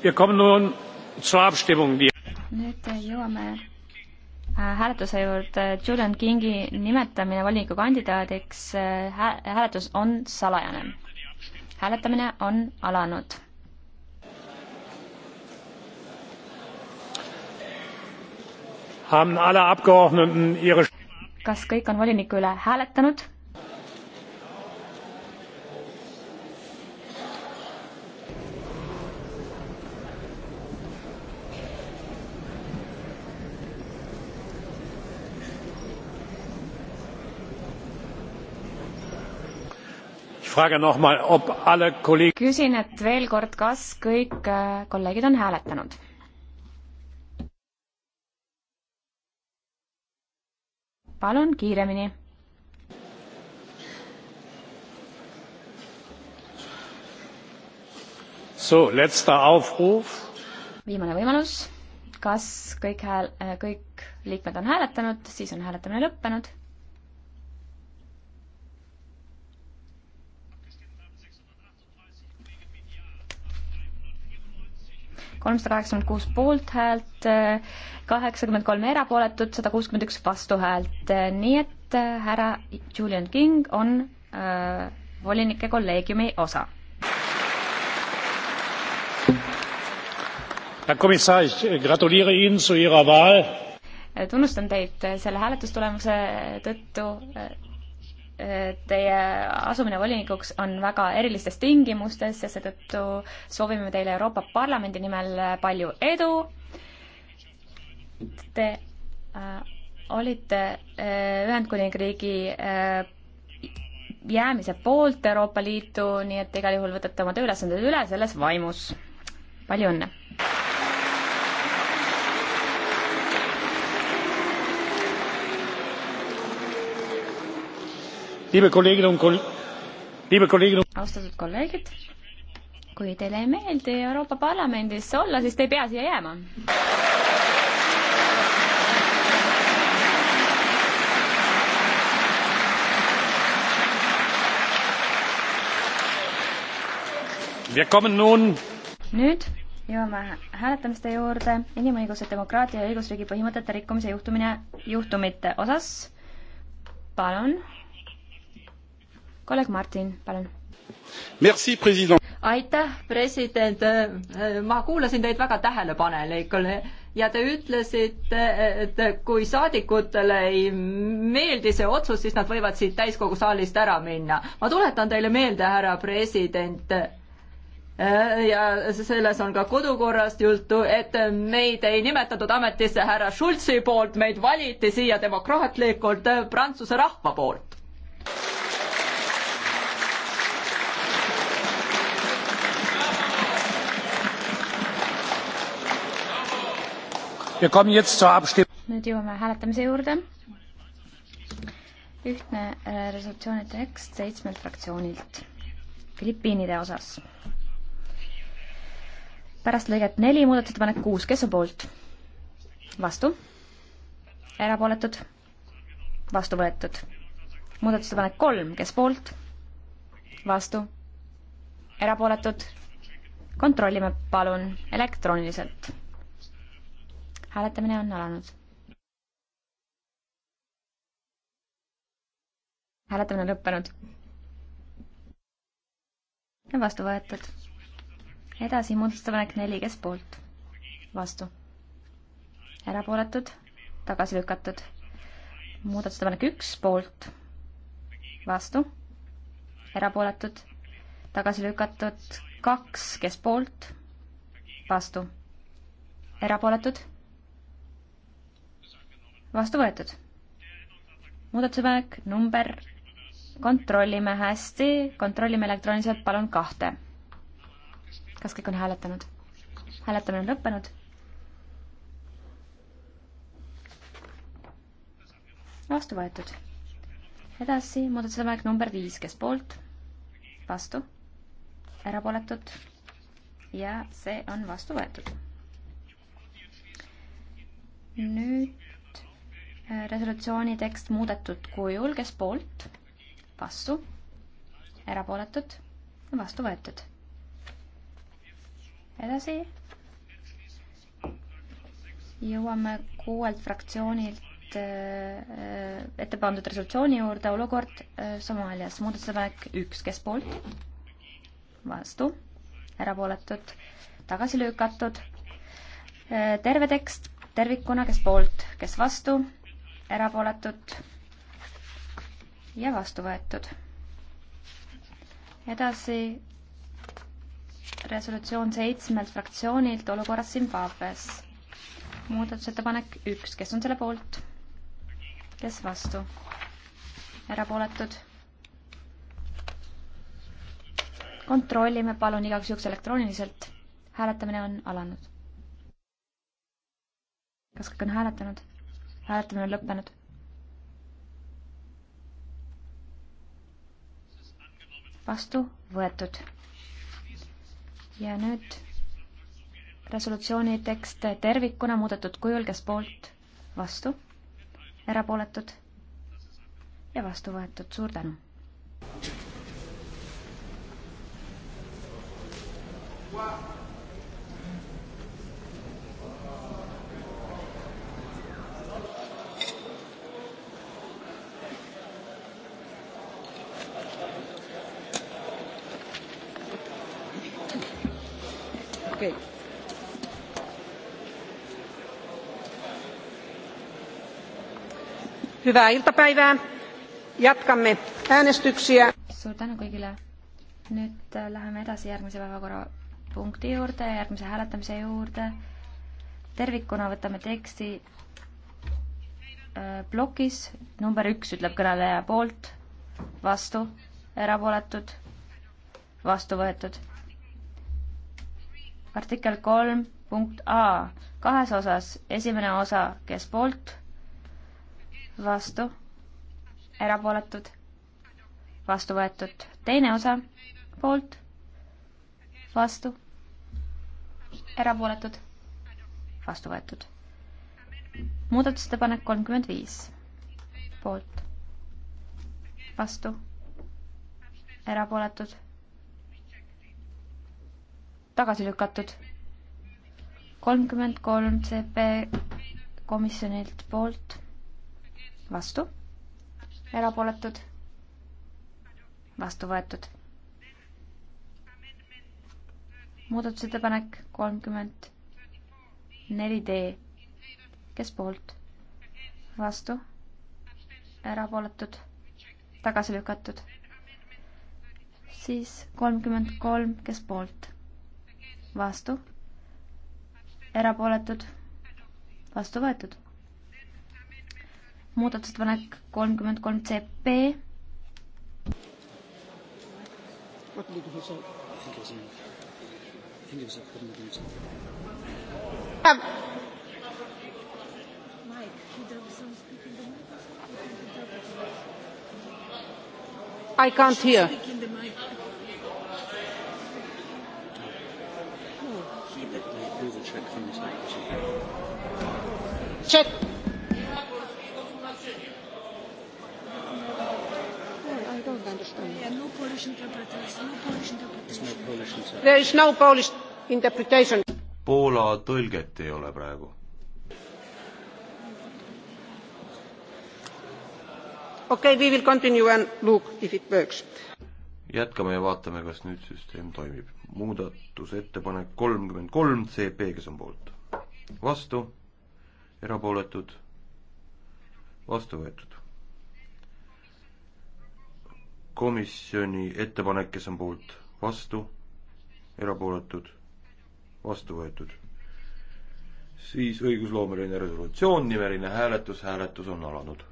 nüüd jõuame äh, hääletuse juurde Julian Kingi nimetamine volinikukandidaadiks. Äh, hääletus on salajane. hääletamine on alanud. kas kõik on voliniku üle hääletanud? küsin, et veel kord, kas kõik äh, kolleegid on hääletanud? palun kiiremini So, letzter Aufruf. viimane võimalus, kas kõik hääl-, äh, kõik liikmed on hääletanud, siis on hääletamine lõppenud kolmsada kaheksakümmend kuus poolthäält, kaheksakümmend kolm erapooletut, sada kuuskümmend üks vastuhäält, nii et äh, härra Julian King on äh, volinike kolleegiumi osa. Herr Kommissar, ich äh, gratuliere Ihnen zu Ihrer Wahl. Äh, tunnustan teid selle hääletustulemuse tõttu teie asumine volinikuks on väga erilistes tingimustes ja seetõttu soovime teile Euroopa Parlamendi nimel palju edu. Te äh, olite äh, Ühendkuningriigi äh, jäämise poolt Euroopa Liitu, nii et igal juhul võtate oma tööülesanded üle selles vaimus. palju õnne! austatud kolleegid, kui teile ei meeldi Euroopa Parlamendis olla, siis te ei pea siia jääma. nüüd jõuame hääletamiste juurde inimõigused, demokraatia ja õigusriigi põhimõtete rikkumise juhtumine, juhtumite osas. palun kolleeg Martin, palun. aitäh, president, ma kuulasin teid väga tähelepanelikult ja te ütlesite, et kui saadikutele ei meeldi see otsus, siis nad võivad siit täiskogu saalist ära minna. ma tuletan teile meelde, härra president, ja selles on ka kodukorrast juttu, et meid ei nimetatud ametisse härra Schulzi poolt, meid valiti siia demokraatlikult Prantsuse rahva poolt nüüd jõuame hääletamise juurde. ühtne äh, resolutsiooni tekst seitsmelt fraktsioonilt Filipiinide osas. pärast lõiget neli muudatusettepanek kuus, kes on poolt? vastu? erapooletud? vastu võetud. muudatusettepanek kolm, kes poolt? vastu? erapooletud? kontrollime palun elektrooniliselt hääletamine on alanud. hääletamine on lõppenud. ja vastu võetud. edasi muudatusettepanek neli, kes poolt? vastu. erapooletud, tagasi lükatud. muudatusettepanek üks, poolt, vastu, erapooletud, tagasi lükatud, kaks, kes poolt, vastu, erapooletud vastu võetud. muudatusepanek number, kontrollime hästi, kontrollime elektrooniliselt, palun kahte. kas kõik on hääletanud? hääletamine on lõppenud. vastu võetud. edasi muudatusepanek number viis, kes poolt? vastu? erapooletud? ja see on vastu võetud. nüüd resolutsiooni tekst muudetud kujul, kes poolt, vastu, erapooletud, vastu võetud. edasi jõuame kuuelt fraktsioonilt äh, ette pandud resolutsiooni juurde olukord äh, Somaalias. muudatusettepanek üks, kes poolt? vastu, erapooletud, tagasi lükatud. Äh, terve tekst tervikuna, kes poolt, kes vastu, erapooletud ja vastu võetud. edasi resolutsioon seitsmelt fraktsioonilt olukorras Zimbabwes. muudatusettepanek üks, kes on selle poolt? kes vastu? erapooletud? kontrollime palun igaks juhuks elektrooniliselt. hääletamine on alanud. kas kõik on hääletanud? hääletamine on lõppenud. vastu võetud. ja nüüd resolutsiooni tekst tervikuna muudetud kujul, kes poolt, vastu, erapooletud ja vastu võetud, suur tänu. Wow. hyvää iltapäivää. Jätkamme äänestyksiä. Suur tänu kõigile. Nüüd äh, läheme edasi järgmise päevakorrapunkti juurde, järgmise hääletamise juurde. Tervikuna võtame teksti blokis. Äh, Number 1 ütleb kõneleja poolt, vastu, erapooletud, vastu võetud. Artikkel 3 punkt A kahes osas. Esimene osa, kes poolt, vastu, erapooletud, vastu võetud. teine osa, poolt, vastu, erapooletud, vastu võetud. muudatusettepanek kolmkümmend viis, poolt, vastu, erapooletud, tagasi lükatud. kolmkümmend kolm CP komisjonilt poolt vastu, erapooletud, vastu võetud. muudatusettepanek kolmkümmend neli D, kes poolt, vastu, erapooletud, tagasi lükatud. siis kolmkümmend kolm, kes poolt, vastu, erapooletud, vastu võetud muudatusettepanek kolmkümmend kolm CP. Um, I can't hear. Check. Polish interpreters. There is no Polish interpretation. Poola tõlget ei ole praegu. okei okay,, we will continue and look if it works. jätkame ja vaatame, kas nüüd süsteem toimib. muudatusettepanek kolmkümmend kolm CP, kes on poolt? vastu, erapooletud, vastu võetud komisjoni ettepanek, kes on poolt, vastu, erapooletud, vastu võetud. siis õigusloomeline resolutsioon, nimeline hääletus, hääletus on alanud.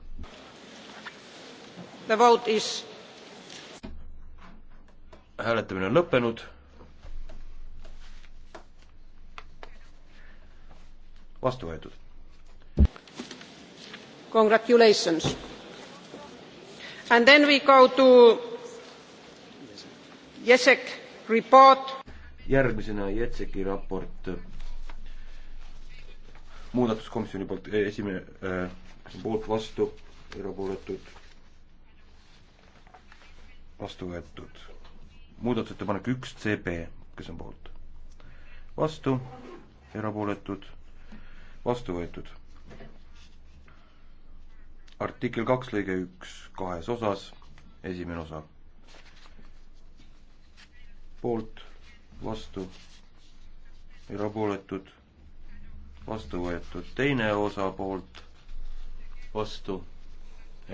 The vote is hääletamine on lõppenud. vastu võetud. Congratulations! And then we go to Jesek report. järgmisena Jetseki raport. muudatuskomisjoni poolt eh, esimene äh,, poolt vastu, erapooletud, vastu võetud. muudatusettepanek üks CB, kes on poolt? vastu, erapooletud, vastu võetud artikkel kaks lõige üks kahes osas, esimene osa. poolt, vastu, erapooletud, vastu võetud, teine osa poolt, vastu,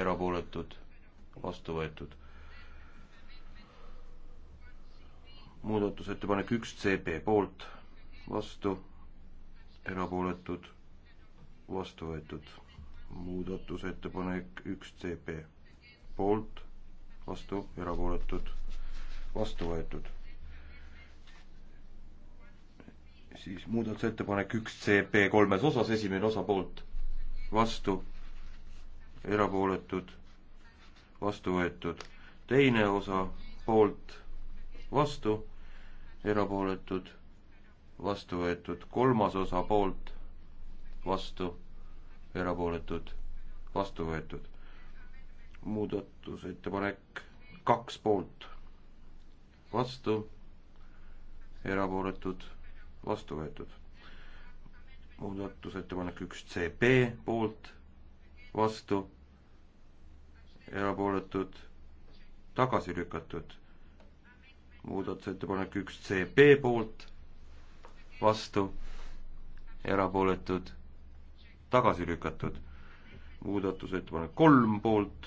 erapooletud, vastu võetud. muudatusettepanek üks CB poolt, vastu, erapooletud, vastu võetud muudatusettepanek üks CP poolt, vastu, erapooletud, vastu võetud. siis muudatusettepanek üks CP kolmes osas, esimene osa poolt, vastu, erapooletud, vastu võetud. teine osa poolt, vastu, erapooletud, vastu võetud. kolmas osa poolt, vastu erapooletud, vastu võetud. muudatusettepanek kaks poolt, vastu, erapooletud, vastu võetud. muudatusettepanek üks CB poolt, vastu, erapooletud, tagasi lükatud. muudatusettepanek üks CB poolt, vastu, erapooletud tagasi lükatud. muudatusettepanek kolm poolt,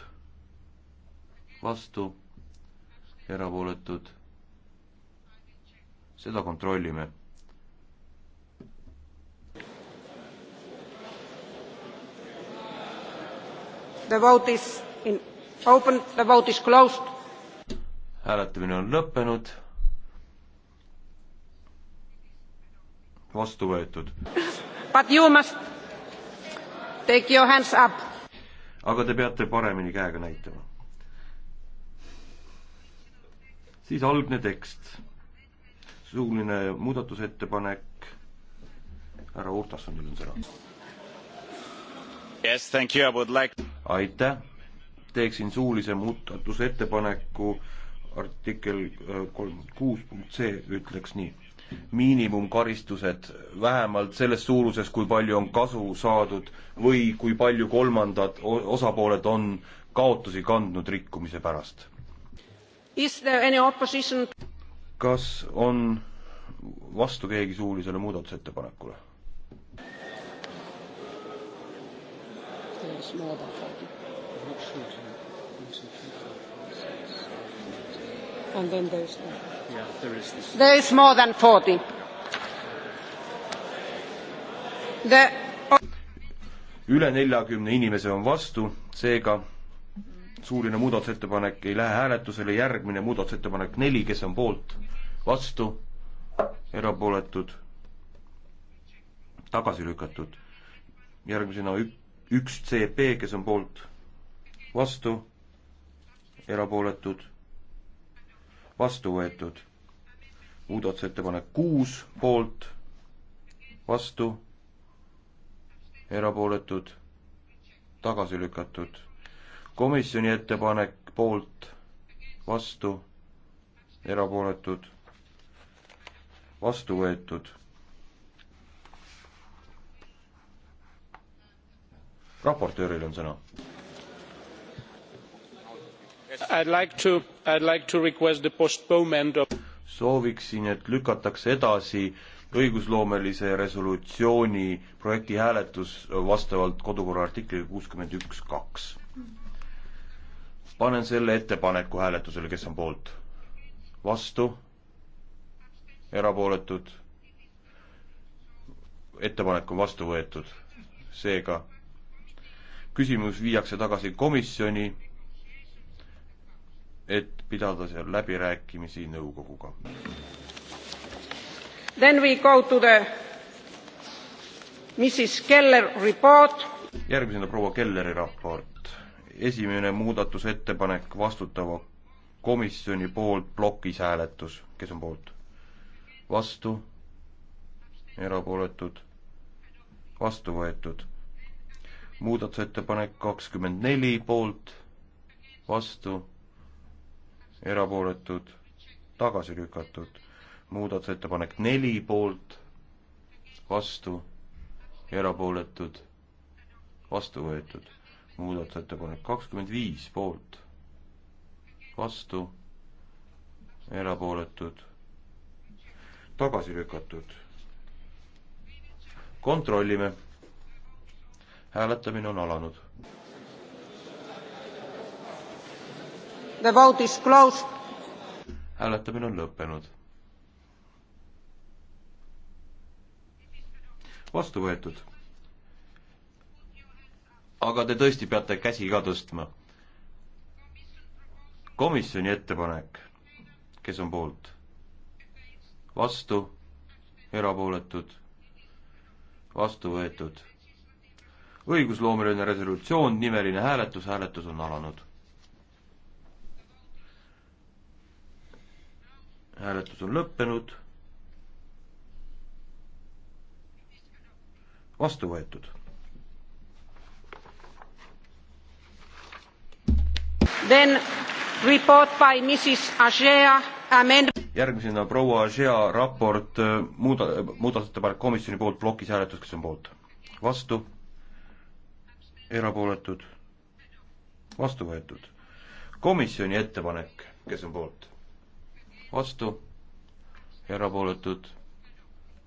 vastu, erapooletud. seda kontrollime. The vote is in open, the vote is closed. hääletamine on lõppenud vastu võetud. Take your hands up. aga te peate paremini käega näitama. siis algne tekst. suuline muudatusettepanek. härra Urtasonil on sõna. Yes, thank you, I would like aitäh, teeksin suulise muudatusettepaneku artikkel äh, kolmkümmend kuus punkt C ütleks nii miinimumkaristused vähemalt selles suuruses, kui palju on kasu saadud või kui palju kolmandad osapooled on kaotusi kandnud rikkumise pärast. kas on vastu keegi suulisele muudatusettepanekule? There's more than 40 and then there is yeah, there is this. There is more than 40. The üle neljakümne inimese on vastu, seega suuline muudatusettepanek ei lähe hääletusele, järgmine muudatusettepanek neli, kes on poolt, vastu, erapooletud, tagasi lükatud. järgmisena üks CP, kes on poolt, vastu, erapooletud vastu võetud. muudatusettepanek kuus poolt, vastu, erapooletud, tagasi lükatud. komisjoni ettepanek poolt, vastu, erapooletud, vastu võetud. raportööril on sõna sooviksin, et lükataks edasi õigusloomelise resolutsiooni projekti hääletus vastavalt kodukorra artiklile kuuskümmend üks kaks. panen selle ettepaneku hääletusele, kes on poolt? vastu? erapooletud? ettepanek on vastu võetud. seega küsimus viiakse tagasi komisjoni et pidada seal läbirääkimisi nõukoguga. Then we go to the Mrs Keller report. järgmisena proua Kelleri raport. esimene muudatusettepanek vastutava komisjoni poolt plokis hääletus, kes on poolt? vastu, erapooletud, vastu võetud. muudatusettepanek kakskümmend neli poolt, vastu erapooletud, tagasi lükatud. muudatusettepanek neli poolt, vastu, erapooletud, vastu võetud. muudatusettepanek kakskümmend viis poolt, vastu, erapooletud, tagasi lükatud. kontrollime. hääletamine on alanud The vote is closed. hääletamine on lõppenud. vastu võetud. aga te tõesti peate käsi ka tõstma. komisjoni ettepanek, kes on poolt? vastu, erapooletud, vastu võetud. õigusloomeline resolutsioon, nimeline hääletus, hääletus on alanud. hääletus on lõppenud. vastu võetud. Then report by Mrs Agea amend-. järgmisena proua Agea raport äh, muuda-, muudatusettepanek komisjoni poolt plokis hääletus, kes on poolt? vastu? erapooletud? vastu võetud. komisjoni ettepanek, kes on poolt? vastu, erapooletud,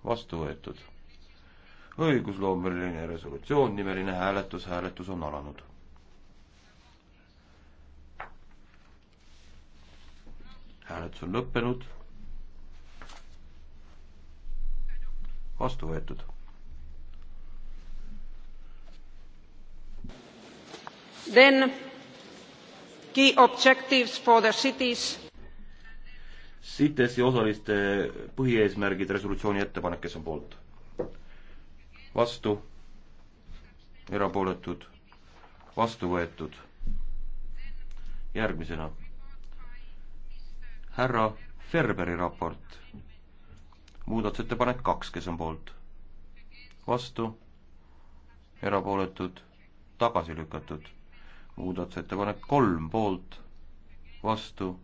vastu võetud. õigusloomeline resolutsioon, nimeline hääletus, hääletus on alanud. hääletus on lõppenud. vastu võetud then key objectives for the cities CITES-i osaliste põhieesmärgid, resolutsiooni ettepanek, kes on poolt? vastu, erapooletud, vastu võetud. järgmisena härra Ferberi raport, muudatusettepanek kaks, kes on poolt? vastu, erapooletud, tagasi lükatud. muudatusettepanek kolm poolt, vastu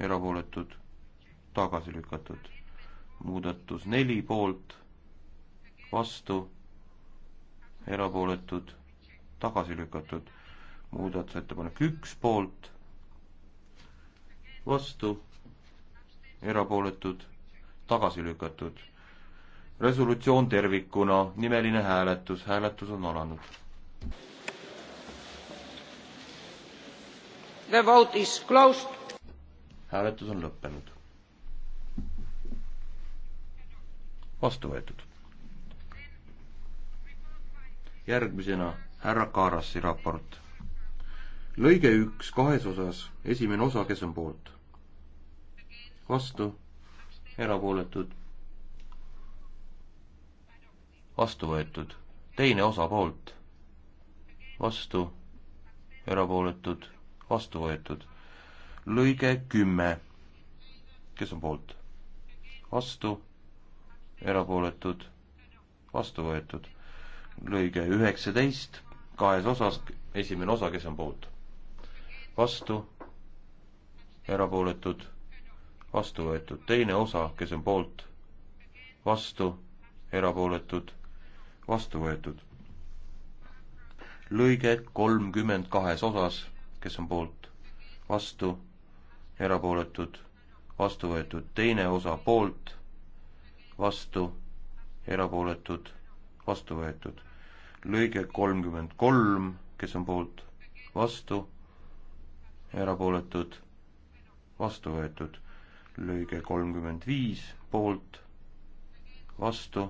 erapooletud, tagasi lükatud. muudatus neli poolt, vastu, erapooletud, tagasi lükatud. muudatusettepanek üks poolt, vastu, erapooletud, tagasi lükatud. resolutsioon tervikuna, nimeline hääletus, hääletus on alanud. The vote is closed hääletus on lõppenud. vastu võetud. järgmisena härra Kaarassi raport. lõige üks kahes osas, esimene osa, kes on poolt? vastu, erapooletud, vastu võetud, teine osa poolt, vastu, erapooletud, vastu võetud lõige kümme, kes on poolt? vastu, erapooletud, vastu võetud. lõige üheksateist, kahes osas, esimene osa, kes on poolt? vastu, erapooletud, vastu võetud. teine osa, kes on poolt? vastu, erapooletud, vastu võetud. lõige kolmkümmend kahes osas, kes on poolt? vastu erapooletud, vastu võetud, teine osa poolt, vastu, erapooletud, vastu võetud. lõige kolmkümmend kolm, kes on poolt, vastu, erapooletud, vastu võetud. lõige kolmkümmend viis, poolt, vastu,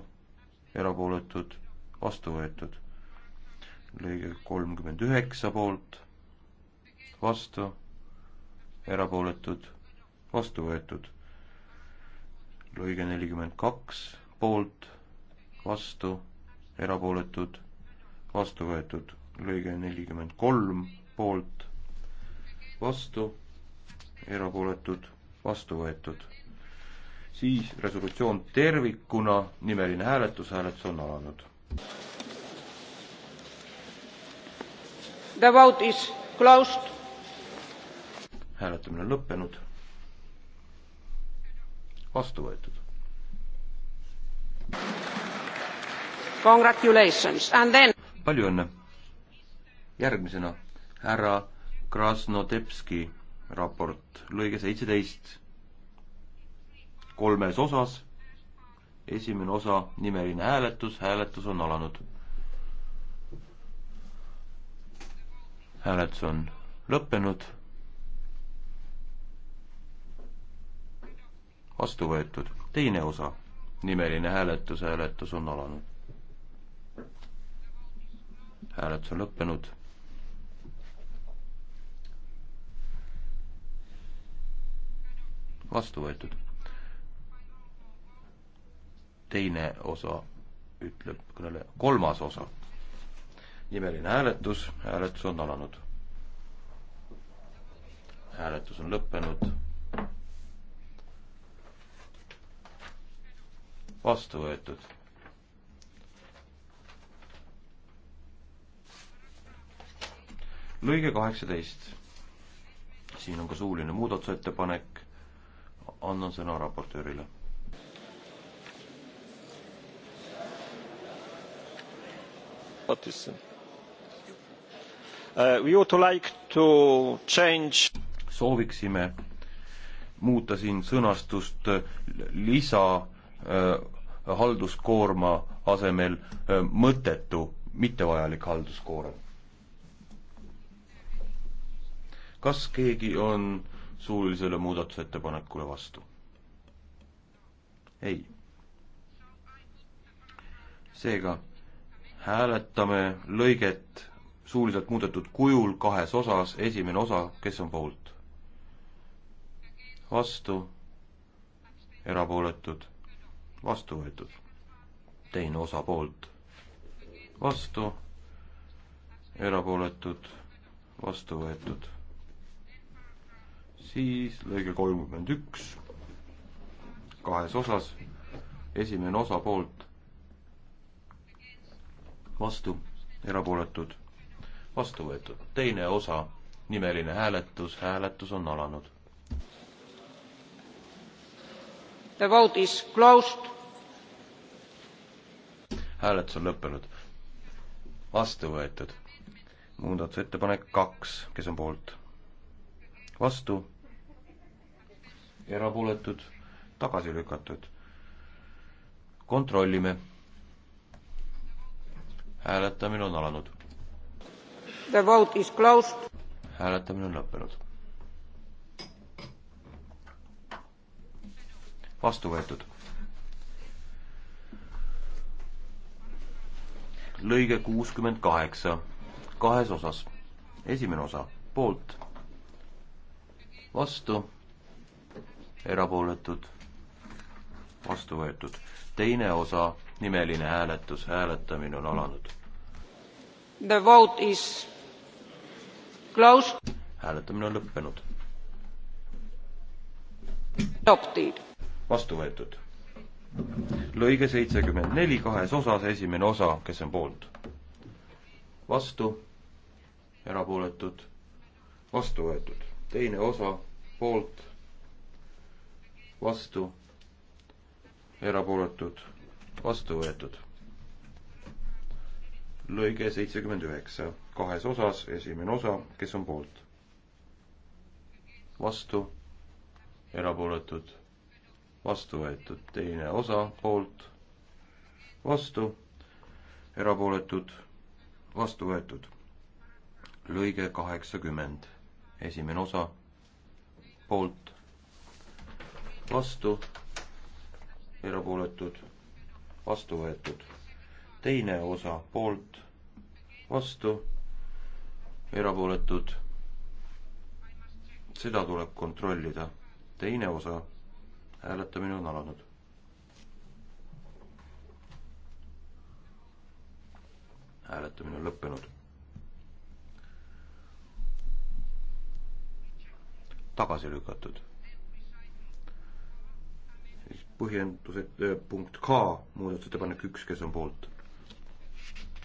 erapooletud, vastu võetud. lõige kolmkümmend üheksa poolt, vastu erapooletud, vastu võetud. lõige nelikümmend kaks, poolt, vastu, erapooletud, vastu võetud. lõige nelikümmend kolm, poolt, vastu, erapooletud, vastu võetud. siis resolutsioon tervikuna, nimeline hääletus, hääletus on alanud. The vote is closed hääletamine on lõppenud. vastu võetud. Congratulations and then palju õnne. järgmisena härra Krasnodebski raport, lõige seitseteist, kolmes osas esimene osa, nimeline hääletus, hääletus on alanud. hääletus on lõppenud vastu võetud. teine osa, nimeline hääletus, hääletus on alanud. hääletus on lõppenud. vastu võetud. teine osa, ütleb kõneleja, kolmas osa. nimeline hääletus, hääletus on alanud. hääletus on lõppenud vastu võetud. lõige kaheksateist. siin on ka suuline muudatusettepanek. annan sõna raportöörile uh, Like sooviksime muuta siin sõnastust lisa Äh, halduskoorma asemel äh, mõttetu, mittevajalik halduskoorem. kas keegi on suulisele muudatusettepanekule vastu? ei. seega hääletame lõiget suuliselt muudetud kujul kahes osas, esimene osa, kes on poolt? vastu, erapooletud vastu võetud. teine osa poolt, vastu, erapooletud, vastu võetud. siis lõige kolmkümmend üks, kahes osas, esimene osa poolt, vastu, erapooletud, vastu võetud. teine osa, nimeline hääletus, hääletus on alanud The vote is closed. hääletus on lõppenud. vastu võetud. muudatusettepanek kaks, kes on poolt? vastu. erapooletud, tagasi lükatud. kontrollime. hääletamine on alanud. The vote is closed. hääletamine on lõppenud vastu võetud. lõige kuuskümmend kaheksa, kahes osas. esimene osa, poolt, vastu, erapooletud, vastu võetud. teine osa, nimeline hääletus, hääletamine on alanud. The vote is closed. hääletamine on lõppenud. Adopted vastu võetud. lõige seitsekümmend neli kahes osas, esimene osa, kes on poolt? vastu, erapooletud, vastu võetud. teine osa, poolt, vastu, erapooletud, vastu võetud. lõige seitsekümmend üheksa, kahes osas, esimene osa, kes on poolt? vastu, erapooletud vastu võetud, teine osa poolt, vastu, erapooletud, vastu võetud. lõige kaheksakümmend, esimene osa, poolt, vastu, erapooletud, vastu võetud. teine osa poolt, vastu, erapooletud, seda tuleb kontrollida. teine osa hääletamine on alanud. hääletamine on lõppenud. tagasi lükatud. siis põhjendused, äh, punkt K, muudatusettepanek üks, kes on poolt?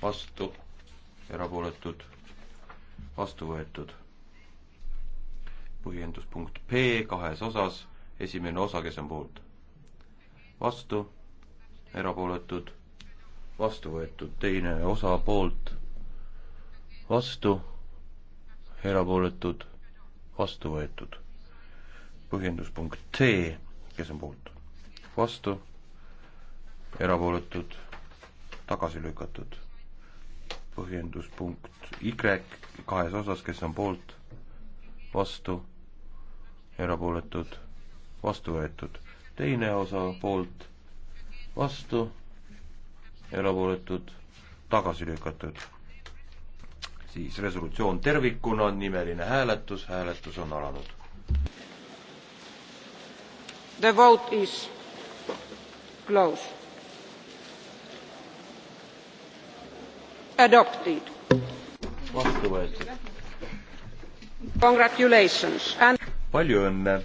vastu, erapooletud, vastu võetud. põhjendus punkt P kahes osas esimene osa, kes on poolt? vastu, erapooletud, vastu võetud, teine osa poolt, vastu, erapooletud, vastu võetud. põhjenduspunkt C, kes on poolt? vastu, erapooletud, tagasi lükatud. põhjenduspunkt Y kahes osas, kes on poolt, vastu, erapooletud vastu võetud. teine osa poolt, vastu, erapooletud, tagasi lükatud. siis resolutsioon tervikuna, nimeline hääletus, hääletus on alanud. The vote is closed. Adopted. vastu võetud. Congratulations and palju õnne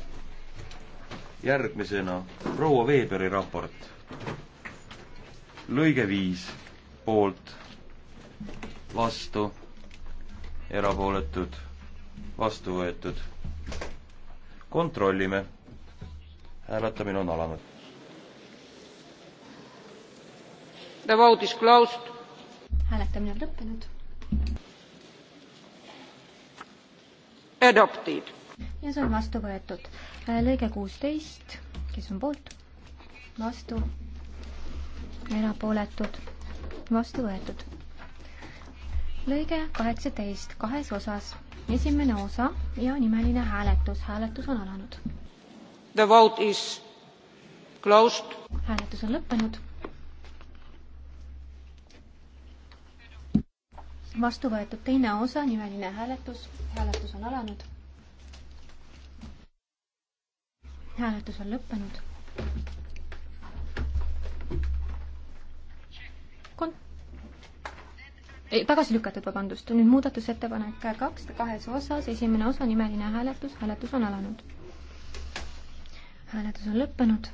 järgmisena proua Veeberi raport. lõige viis poolt, vastu, erapooletud, vastu võetud. kontrollime. hääletamine on alanud. The vote is closed. hääletamine on lõppenud. Adopted. ja see on vastu võetud Äh, lõige kuusteist, kes on poolt, vastu, erapooletud, vastu võetud. lõige kaheksateist kahes osas, esimene osa ja nimeline hääletus, hääletus on alanud. The vote is closed. hääletus on lõppenud. vastu võetud teine osa, nimeline hääletus, hääletus on alanud hääletus on lõppenud. kon-, ei, tagasi lükatud, vabandust, nüüd muudatusettepanek kaks kahes osas, esimene osa, nimeline hääletus, hääletus on alanud. hääletus on lõppenud.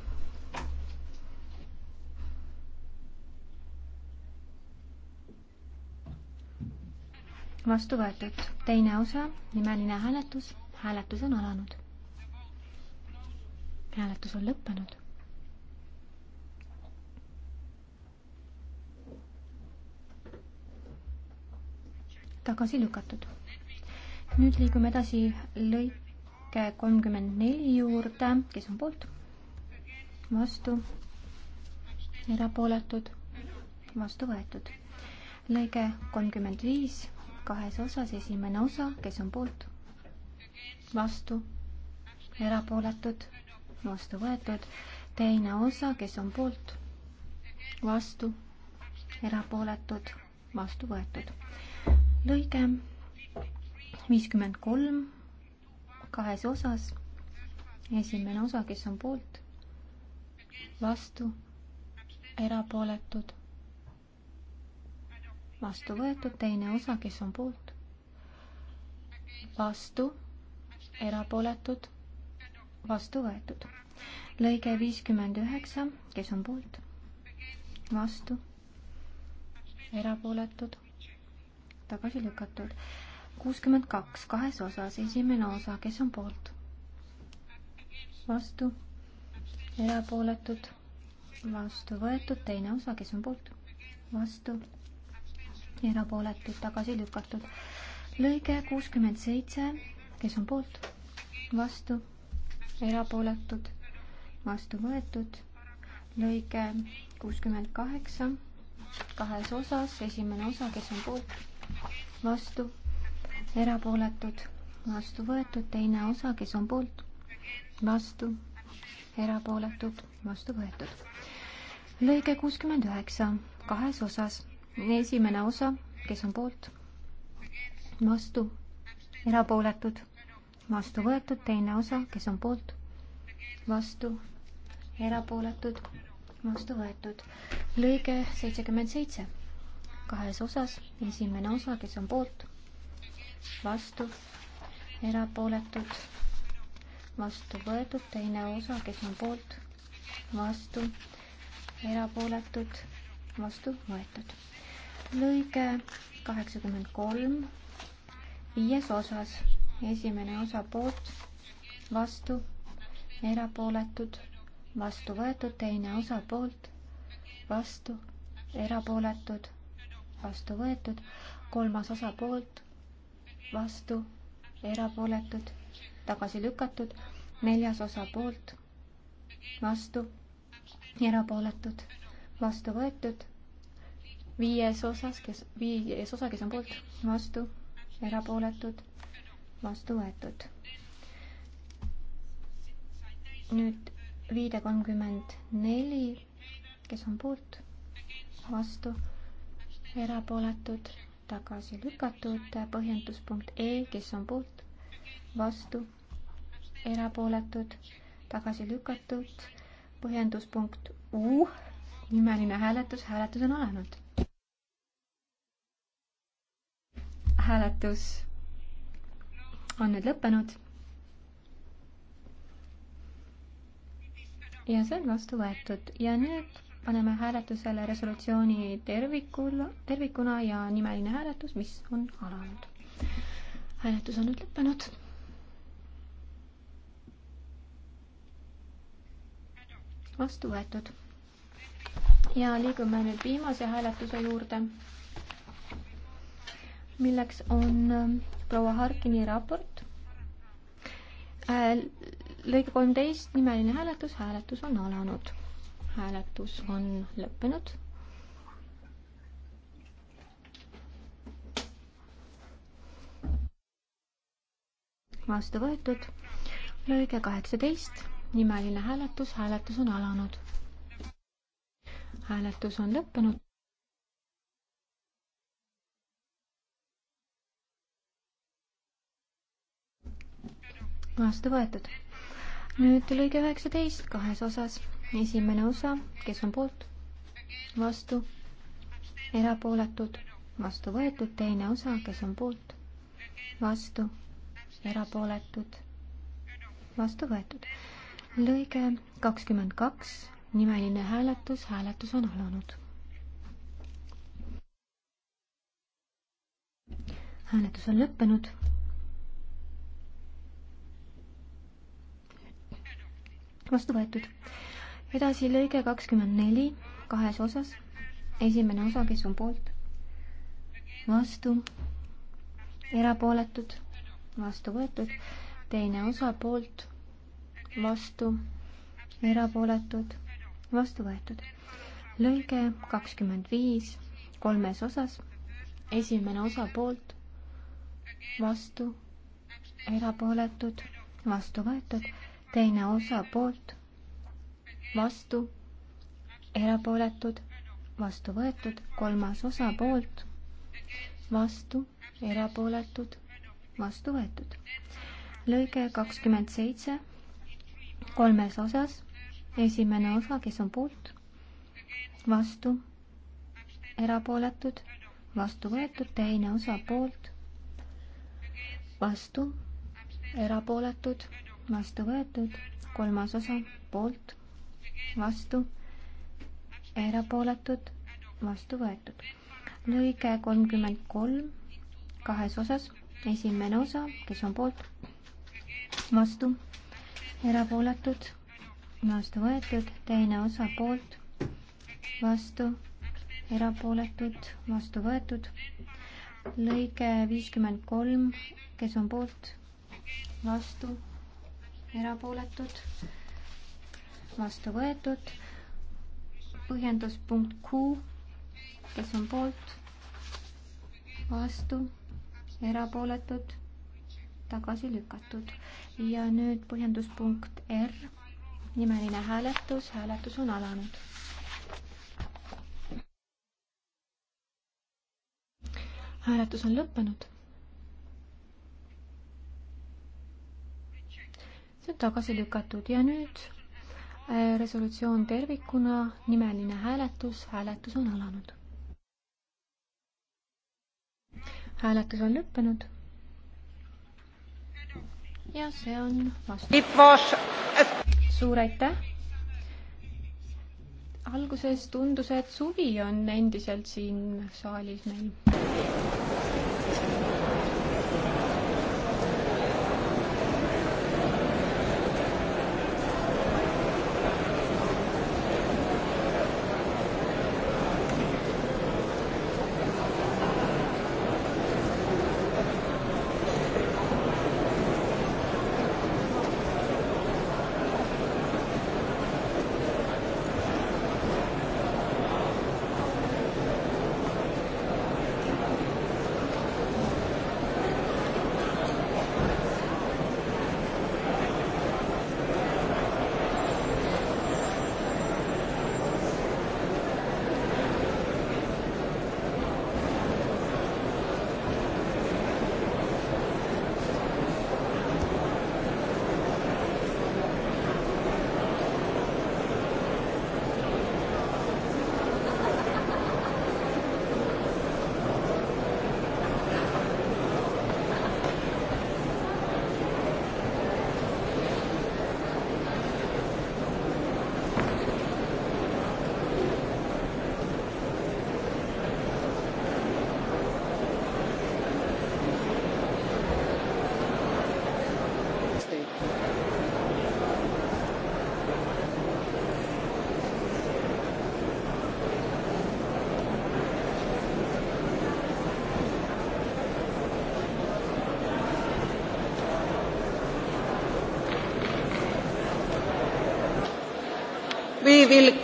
vastu võetud, teine osa, nimeline hääletus, hääletus on alanud hääletus on lõppenud. tagasi lükatud. nüüd liigume edasi lõike kolmkümmend neli juurde, kes on poolt, vastu, erapooletud, vastu võetud. lõige kolmkümmend viis kahes osas, esimene osa, kes on poolt, vastu, erapooletud vastu võetud, teine osa, kes on poolt, vastu, erapooletud, vastu võetud. lõige viiskümmend kolm kahes osas. esimene osa, kes on poolt, vastu, erapooletud, vastu võetud, teine osa, kes on poolt, vastu, erapooletud vastu võetud. lõige viiskümmend üheksa, kes on poolt? vastu? erapooletud? tagasi lükatud. kuuskümmend kaks, kahes osas, esimene osa, kes on poolt? vastu? erapooletud? vastu võetud, teine osa, kes on poolt? vastu? erapooletud, tagasi lükatud. lõige kuuskümmend seitse, kes on poolt? vastu? erapooletud, vastu võetud. lõige kuuskümmend kaheksa kahes osas, esimene osa, kes on poolt, vastu, erapooletud, vastu võetud, teine osa, kes on poolt, vastu, erapooletud, vastu võetud. lõige kuuskümmend üheksa kahes osas, esimene osa, kes on poolt, vastu, erapooletud vastu võetud, teine osa, kes on poolt, vastu, erapooletud, vastu võetud. lõige seitsekümmend seitse, kahes osas, esimene osa, kes on poolt, vastu, erapooletud, vastu võetud, teine osa, kes on poolt, vastu, erapooletud, vastu võetud. lõige kaheksakümmend kolm, viies osas esimene osa poolt, vastu, erapooletud, vastu võetud, teine osa poolt, vastu, erapooletud, vastu võetud, kolmas osa poolt, vastu, erapooletud, tagasi lükatud, neljas osa poolt, vastu, erapooletud, vastu võetud, viies osas, kes, viies osa, kes on poolt, vastu, erapooletud vastu võetud. nüüd viide kolmkümmend neli, kes on poolt, vastu, erapooletud, tagasi lükatud, põhjenduspunkt E, kes on poolt, vastu, erapooletud, tagasi lükatud, põhjenduspunkt U, nimeline hääletus, hääletus on olenud. hääletus on nüüd lõppenud. ja see on vastu võetud ja nüüd paneme hääletusele resolutsiooni tervikul, tervikuna ja nimeline hääletus, mis on alanud. hääletus on nüüd lõppenud. vastu võetud. ja liigume nüüd viimase hääletuse juurde, milleks on proua Harkini raport. Äh, lõige kolmteist, nimeline hääletus, hääletus on alanud. hääletus on lõppenud. vastu võetud. lõige kaheksateist, nimeline hääletus, hääletus on alanud. hääletus on lõppenud. vastu võetud. nüüd lõige üheksateist kahes osas, esimene osa, kes on poolt, vastu, erapooletud, vastu võetud, teine osa, kes on poolt, vastu, erapooletud, vastu võetud. lõige kakskümmend kaks, nimeline hääletus, hääletus on alanud hääletus on lõppenud. vastu võetud. edasi lõige kakskümmend neli kahes osas. esimene osa, kes on poolt, vastu, erapooletud, vastu võetud. teine osa poolt, vastu, erapooletud, vastu võetud. lõige kakskümmend viis kolmes osas. esimene osa poolt, vastu, erapooletud, vastu võetud teine osa poolt, vastu, erapooletud, vastu võetud, kolmas osa poolt, vastu, erapooletud, vastu võetud. lõige kakskümmend seitse kolmes osas. esimene osa, kes on poolt, vastu, erapooletud, vastu võetud, teine osa poolt, vastu, erapooletud vastu võetud, kolmas osa poolt, vastu, erapooletud, vastu võetud. lõige kolmkümmend kolm kahes osas, esimene osa, kes on poolt, vastu, erapooletud, vastu võetud, teine osa poolt, vastu, erapooletud, vastu võetud. lõige viiskümmend kolm, kes on poolt, vastu erapooletud, vastu võetud. põhjendus punkt Q, kes on poolt, vastu, erapooletud, tagasi lükatud. ja nüüd põhjenduspunkt R, nimeline hääletus, hääletus on alanud. hääletus on lõppenud see on tagasi lükatud ja nüüd äh, resolutsioon tervikuna, nimeline hääletus, hääletus on alanud. hääletus on lõppenud. ja see on vastu. suur aitäh. alguses tundus, et suvi on endiselt siin saalis meil.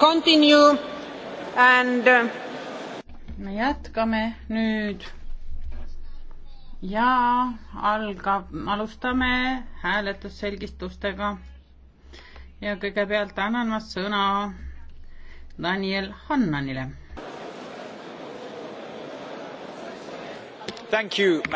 continue and uh, me jätkame nüüd ja algab, alustame hääletusselgitustega. ja kõigepealt annan ma sõna Daniel Hannanile.